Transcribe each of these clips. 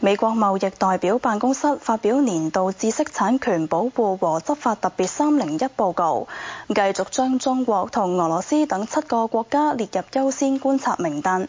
美國貿易代表辦公室發表年度知識產權保護和執法特別301報告，繼續將中國同俄羅斯等七個國家列入優先觀察名單。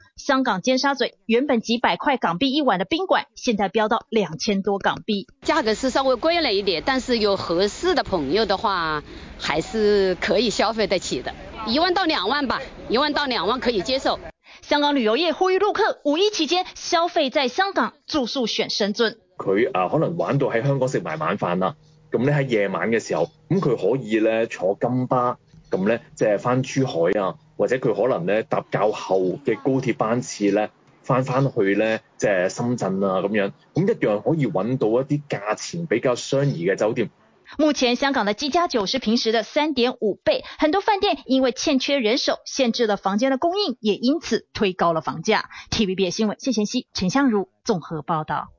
香港尖沙咀原本幾百塊港幣一晚的賓館，現在飆到兩千多港幣，價格是稍微貴了一點，但是有合適的朋友的話，還是可以消費得起的，一萬到兩萬吧，一萬到兩萬可以接受。香港旅遊業呼籲陸客五一期間消費在香港住宿選深圳。佢啊可能玩到喺香港食埋晚飯啦，咁咧喺夜晚嘅時候，咁佢可以咧坐金巴，咁咧即係翻珠海啊。或者佢可能咧搭較後嘅高鐵班次咧翻翻去咧，即係深圳啊咁樣，咁一樣可以揾到一啲價錢比較相宜嘅酒店。目前香港的機加酒是平時的三點五倍，很多飯店因為欠缺人手，限制了房間的供應，也因此推高了房價。TVB 新聞謝賢曦、陳相如綜合報導。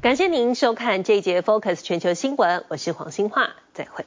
感謝您收看這一節 Focus 全球新聞，我是黃星樺，再會。